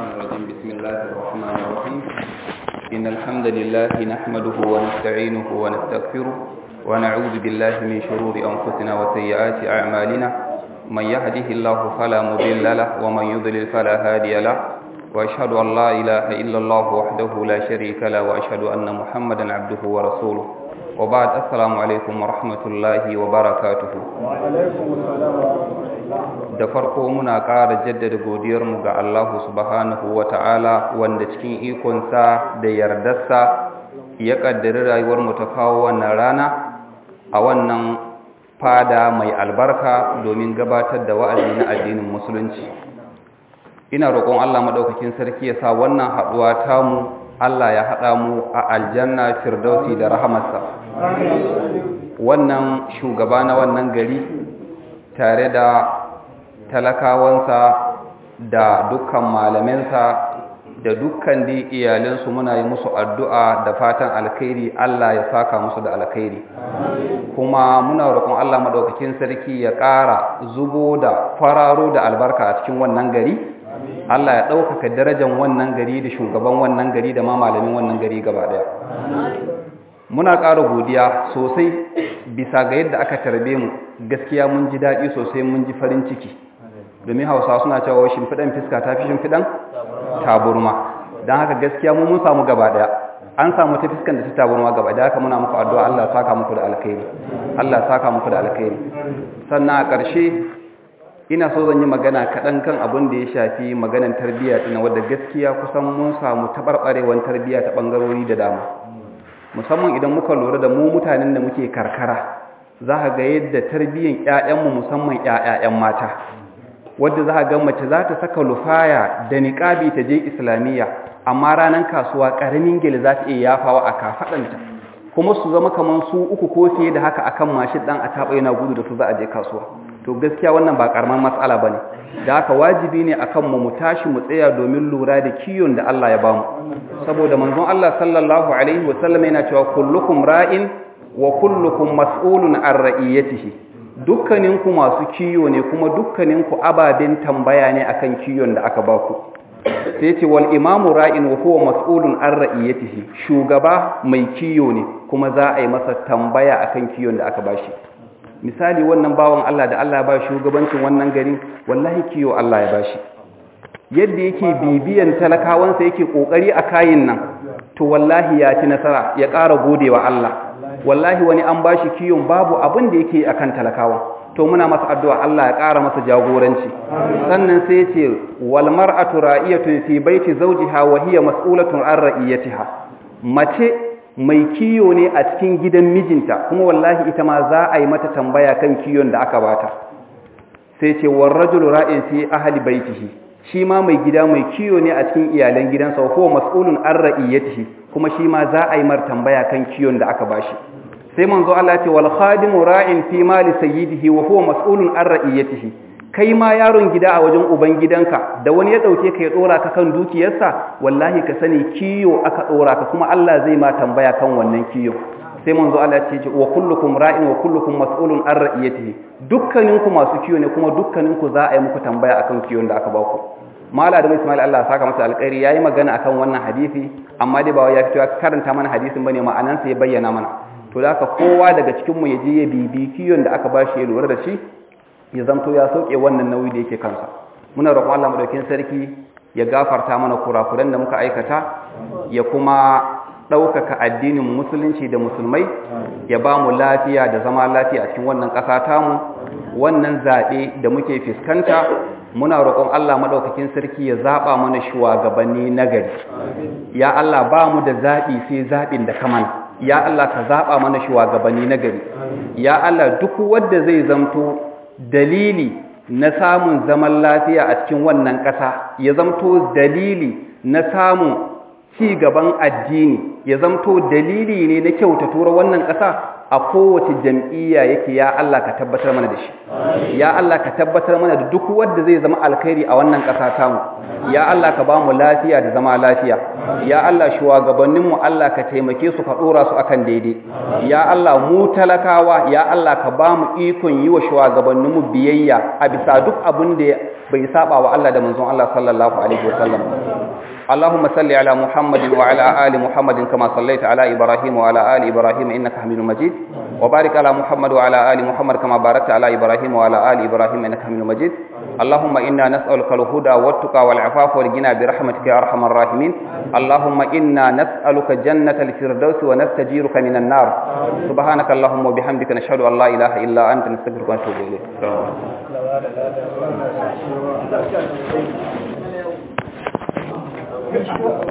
الشيطان الرجيم بسم الله الرحمن الرحيم إن الحمد لله نحمده ونستعينه ونستغفره ونعوذ بالله من شرور أنفسنا وسيئات أعمالنا من يهده الله فلا مضل له ومن يضلل فلا هادي له وأشهد أن لا إله إلا الله وحده لا شريك له وأشهد أن محمدا عبده ورسوله wa ba'd assalamu alaikum wa rahmatullahi wa barakatuhu da farko muna ƙara jaddada godiyar mu ga Allah subhanahu wa ta'ala wanda cikin ikon sa da yardarsa ya kaddara rayuwar mu ta kawo wannan rana a wannan fada mai albarka domin gabatar da wa'azi na addinin musulunci ina roƙon Allah madaukakin sarki ya sa wannan haɗuwa mu. Allah ya haɗa mu a aljanna firdausi da rahamarsa wannan shugaba na wannan gari tare da talakawansa da dukkan malaminsa da dukkan di iyalinsu muna yi musu addu'a da fatan alkhairi Allah ya saka musu da alkhairi kuma muna roƙon Allah maɗaukakin sarki ya ƙara zubo da fararo da albarka a cikin wannan gari Allah ya ɗaukaka darajan wannan gari da shugaban wannan gari da ma malamin wannan gari gaba ɗaya muna ƙara godiya sosai bisa ga yadda aka tarbe mu gaskiya mun ji daɗi sosai mun ji farin ciki domin hausa suna cewa shimfiɗan fiska ta fi shimfiɗan taburma don haka gaskiya mun samu gaba ɗaya an samu ta fiskan da ta taburma gaba ɗaya haka muna muku addu'a Allah saka muku da alkhairi Allah saka muku da alkhairi sannan a ƙarshe ina so zan yi magana kaɗan kan abin da ya shafi maganan tarbiyya ɗina wadda gaskiya kusan mun samu taɓarɓarewar tarbiyya ta ɓangarori da dama musamman idan muka lura da mu mutanen da muke karkara za ka ga yadda tarbiyyar ƴaƴanmu musamman ƴaƴan mata wadda za ka ga mace za ta saka lufaya da niƙabi ta je islamiyya amma ranar kasuwa ƙaramin gele za ta iya yafawa a kafaɗanta kuma su zama kamar su uku ko fiye da haka akan mashin ɗan a taɓa yana gudu da su za a je kasuwa to gaskiya wannan ba karamar matsala ba ne. da haka wajibi ne akan mu mu tashi mu tsaya domin lura da kiyon da Allah ya ba mu saboda manzon Allah sallallahu alaihi wasallam yana cewa kullukum ra'in wa kullukum mas'ulun an ra'iyatihi dukkaninku masu kiyo ne kuma dukkaninku ababen tambaya ne akan kiyon da aka baku sai ce wal imamu ra'in wa huwa mas'ulun an ra'iyatihi shugaba mai kiyo ne kuma za a yi masa tambaya akan kiyon da aka bashi misali wannan bawan Allah da Allah ba shugabancin wannan gari wallahi kiyo Allah ya bashi yadda yake bibiyan talakawansa yake kokari a kayin nan to wallahi ya ci nasara ya ƙara godewa Allah wallahi wani an bashi kiyon babu abin da yake akan talakawa to muna masa addu'a Allah ya ƙara masa jagoranci sannan sai ya ce wal mar'atu ra'iyatun fi baiti zawjiha wa hiya mas'ulatun an ra'iyatiha mace mai kiyo ne a cikin gidan mijinta kuma wallahi ita ma za a yi mata tambaya kan kiyon da aka bata sai ce war rajulu ra'in fi ahli baitihi shi ma mai gida mai kiyo ne a cikin iyalan gidansa ko mas'ulun an ra'iyatihi kuma shi ma za a yi mar tambaya kan kiyon da aka bashi sai manzo Allah ce wal khadimu ra'in fi mali sayyidihi wa huwa mas'ulun ya ra'iyatihi kai ma yaron gida a wajen uban gidanka, da wani ya ɗauke ka ya ɗora ka kan dukiyarsa wallahi ka sani kiyo aka ɗora ka kuma Allah zai ma tambaya kan wannan kiyo sai manzo Allah ya ce wa kullukum ra'in wa kullukum mas'ulun an ra'iyatihi dukkaninku masu kiyo ne kuma dukkaninku za a yi muku tambaya akan kiyon da aka baku. ku mala da Ismail Allah saka masa alƙairi yayi magana akan wannan hadisi amma dai ba ya fito karanta mana hadisin bane ma'anan sa ya bayyana mana to da haka kowa daga cikin mu ya je ya bibi kiyon da aka ba shi ya lura da shi ya zamto ya sauke wannan nauyi da yake kansa muna roƙon Allah madaukakin sarki ya gafarta mana kurakuran da muka aikata ya kuma ɗaukaka addinin musulunci da musulmai ya ba mu lafiya da zama lafiya a cikin wannan ƙasa tamu wannan zaɓe da muke fuskanta muna roƙon Allah maɗaukakin sarki ya zaɓa mana shugabanni nagari ya Allah ba mu da zaɓi sai zaɓin da kamar. ya Allah ka zaɓa mana shugabanni nagari ya Allah duk wanda zai zamto dalili na samun zaman lafiya a cikin wannan ƙasa ya zamto dalili na samun ci gaban addini ya zamto dalili ne na tura wannan ƙasa a kowace jam'iyya yake ya Allah ka tabbatar mana da shi ya Allah ka tabbatar mana da duk wanda zai zama alkhairi a wannan ƙasa tamu ya Allah ka ba mu lafiya da zama lafiya ya Allah shugabanninmu Allah ka taimake su ka dora su akan daidai ya Allah mu talakawa ya Allah ka ba mu ikon yi wa shugabanninmu biyayya a bisa duk abin da bai saba wa Allah da manzon Allah sallallahu alaihi wasallam اللهم صل على محمد وعلى آل محمد كما صليت على إبراهيم وعلى آل إبراهيم إنك حميد مجيد وبارك على محمد وعلى آل محمد كما باركت على إبراهيم وعلى آل إبراهيم إنك حميد مجيد اللهم إنا نسألك الهدى والتقى والعفاف والغنى برحمتك يا أرحم الراحمين اللهم إنا نسألك جنة الفردوس ونستجيرك من النار سبحانك اللهم وبحمدك نشهد أن لا إله إلا أنت نستغفرك ونتوب إليك Thank you.